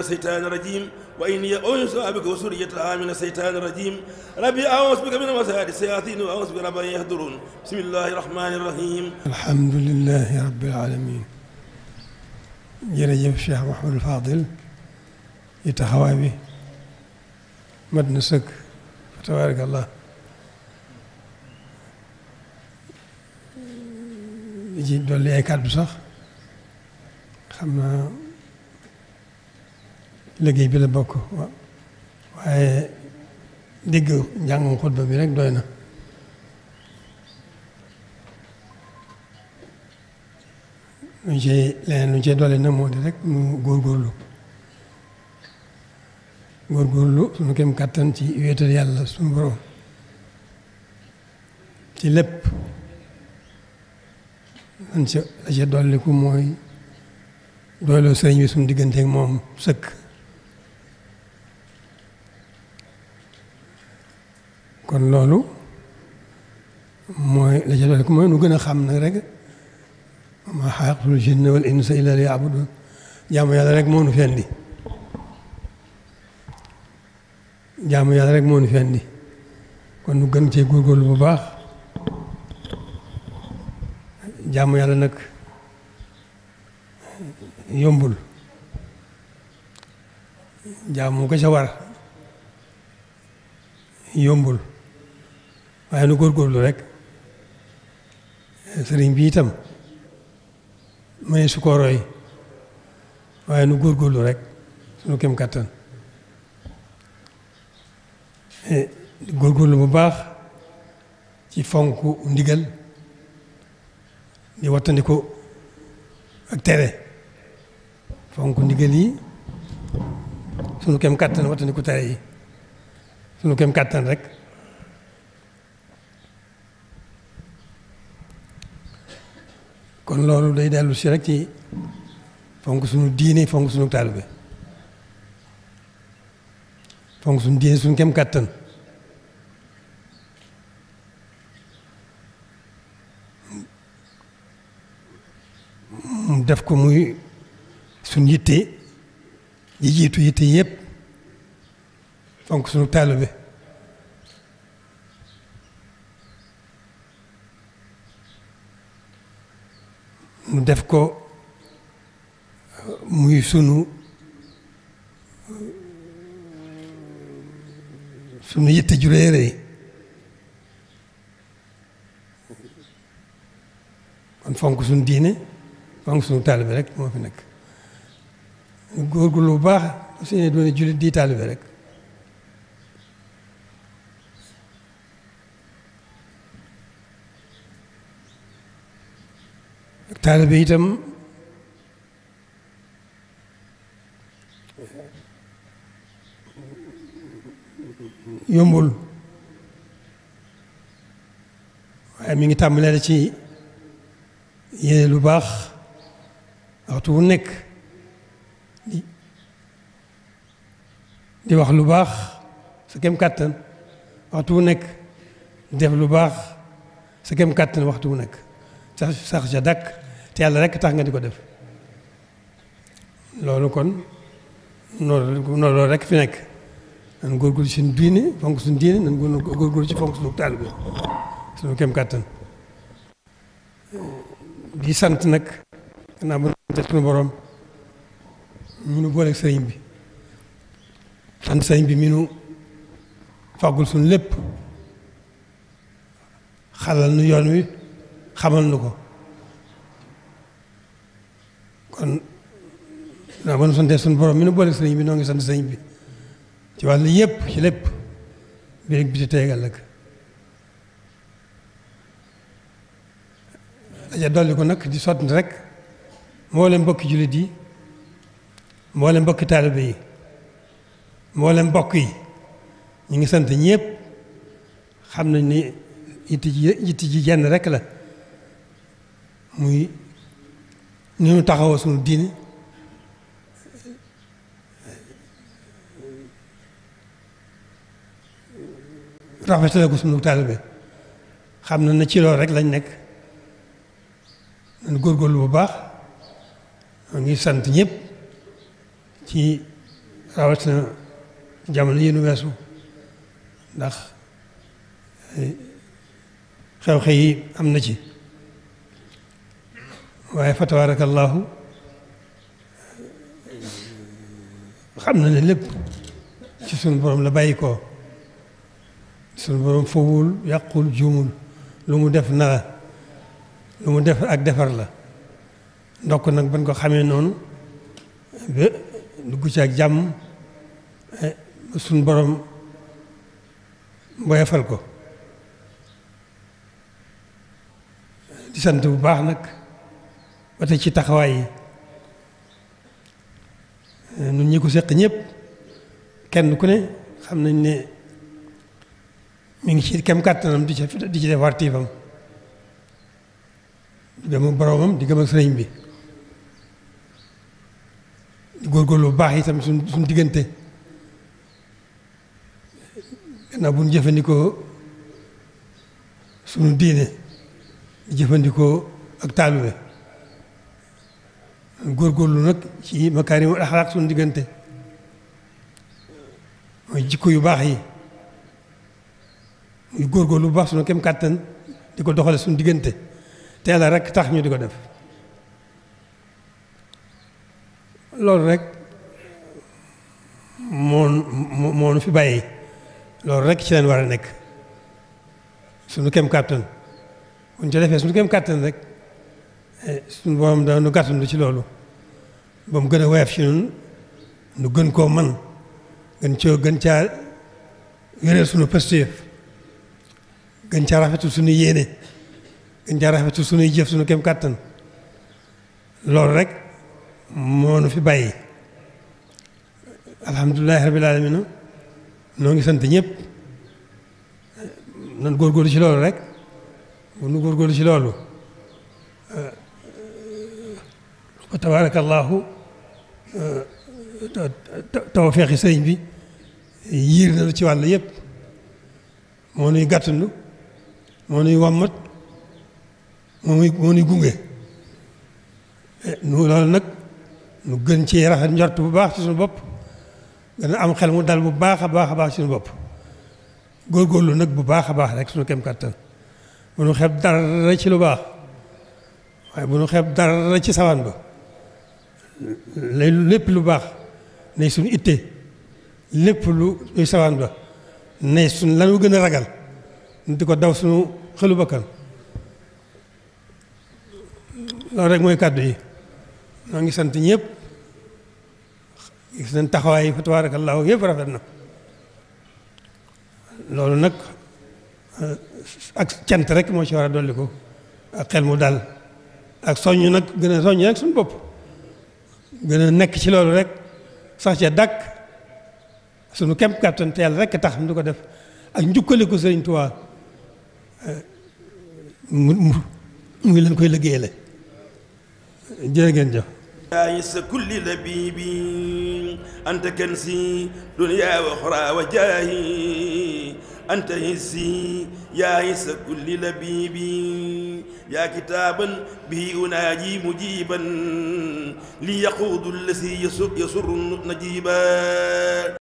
الشيطان الرجيم وإني أنسى بك وسريتها من الشيطان الرجيم ربي أعوذ بك من وسائل الشياطين وأعوذ بك رب أن يحضرون بسم الله الرحمن الرحيم الحمد لله رب العالمين jërëjëf Cheikh Mouhamadou Fadil yi taxawaay bi mat na sëkk fa tabarakallah ji dolli ay kàddu sax xam naa liggéey bi la bokk waaye dégg njàngum xutba bi rek doy na lu cee leneen luñ cee doole nag moo di rek mu góorgóorlu góorgóorlu suñu kem kàttan ci wéetal yàlla suñu borom ci lépp lan ca la ca dolliku mooy doyloo sëriñ bi suñu digganteek moom sëkk kon loolu mooy la ca doon nu gën a xam nag rek ma xalaqtul jinna wal insa illa liya'budun jaamu yàlla rek moo nu fi indi jaamu yàlla rek moo nu fi indi kon nu gën cee góorgóorlu bu baax jaamu yàlla nag yombul jaamu ko ca war yombul waaye nu góorgóorlu rek sëriñ bi itam mu ne waaye nu góor góorgóorlu rek sunu kem kàttan eh, góorgóorlu bu baax ci fonk ndigal di wattandiku ak tere fonk ndigal yi sunu kem kàttan wattandiku tere yi sunu kem kàttan rek loolu day dellu si ci fonk sunu diine fonk suñu taalibe fonk suñu diine suñu kem kàttan def ko muy suñu yitte ji jiitu yitte yépp fonk suñu taalibe mu def ko muy sunu sunu yitte ju rëy rëy kon fonk sunu diine fonk sunu taalibe rek moo fi nekk góorgóorlu bu baax su ñu doon jullit di taalibe rek taalibe itam yombul waaye mi ngi tàmbalee ci yéene lu baax waxtu wu nekk di wax lu baax sa kem kàttan waxtu wu nekk def lu baax sa kem kàttan waxtu wu nekk sax sax ja dàkk te yàlla rek tax nga di ko def loolu kon noor loolu rek fi nekk góor góorgóorlu ci suñu diine fonk suñu diine nan góorgóorlu ci fonk suñu taalibe suñu kem kàttan di sant nag gannaaw bu sant suñu borom mu nu sëriñ bi sant sëriñ bi mi nu fàggul suñu lépp xalal nu yoon wi xamal nu ko kon naa ba nu santee suñu borom mi nu boole sëriñ bi noo ngi sant sëriñ bi ci wàllu yëpp ci lépp birig bi ci teegal nag daja dolli ko nag di sotti rek mboolem mbokki jullit yi mboolem mbokki taalibe yi mboolem mbokk yi ñu ngi sant ñëpp xam nañ ni yitti ji yitti ji jenn rek la muy ni ñu taxawoo suñu diine rafetale ko suñu taalibe xam na na ci loolu rek lañ nekk nañ góorgóorlu bu baax ñoo ngi sant ñëpp ci rawatina jamono yi nu weesu ndax eh, xew-xew yi am na ci waaye fa tabaarakallaahu xam na ne lépp ci sunu borom la bàyyi koo sunu borom fowul yàqul juumul lu mu def na la lu mu def ak defar la ndokk nag bañ ko xamee noonu ba dugg ci ak jàmm eh, sunu borom mboyafal ko di sant bu baax nag. ba ci taxawaay yi ñun eh, ñi ko seq ñëpp kenn ku ne xam nañ ne mi ngi ci kem kàttanam di ci di ci def di gëm ak di gëm ak bi di góorgóorlu bu baax itam suñ suñ diggante gannaaw bu jëfandikoo suñu diine di jëfandikoo ak taalube góor góorgóorlu nag ci makaarimul axlaaq suñu diggante mooy jikko yu baax yi muy góorgóorlu bu baax suñu kem kàttan di ko doxale suñu diggante te yàlla rek tax ñu di ko def loolu rek moo moo nu fi bàyyi loolu rek ci leen war a nekk suñu kem kàttan bu ñu ca defee suñu kem kàttan rek Eh, suñu borom da nu gàttandu ci loolu ba mu gën a woyof ci ñun nu gën koo man gën coo gën caa wéreel suñu pëstéef gën caa rafetu suñu yéene gën caa rafetu suñuy jëf suñu kem kàttan loolu rek moo nu fi bàyyi alhamdulilahi rabil alamina noo ngi sant ñëpp nan góorgóorlu ci loolu rek bu nu góor góorgóorlu ci loolu fa tabaarakallaahu euh, tawfeexi sëriñ bi yiir na lu ci wàll yépp moo nuy gàttandu moo nuy wàmmat moo nuy gunge eh, nu loolu nag nu gën ci rafet njort bu baax ci suñu bopp gën a am xel mu dal bu baax a baax a baax ci suñu bopp góorgóorlu nag bu baax a baax rek suñu kem kàttan bu nu xeeb dara ci lu baax waaye bu nu xeb dara ci sawan ba lay lépp lu baax nay suñu ittee lépp lu luy sawaan ba nay suñ lanu gën a ragal di ko daw suñu xelu bakkan loolu rek mooy kàddu yi noo ngi sant ñëpp gis nañ taxawaay yi fa tabaarakallaahu yëpp rafet na loolu nag eh, ak cant rek moo ci war a dolli ko ak xel mu daal ak soññ nag gën a soññ rek suñu bopp gën a nekk ci loolu rek sax ca dàkk sunu kem kàttan teel rek tax mu du ko def ak njukkaliku Sëriñ Tuubaa eh, mu ngi leen koy liggéeyale jërë ngeen jëf يس كل لبيب أنت كنسي دنيا وأخرى وجاهي أنت هسي يا هس كل لبيبي يا كتابا به أناجي مجيبا ليقود الذي يسر نجيبا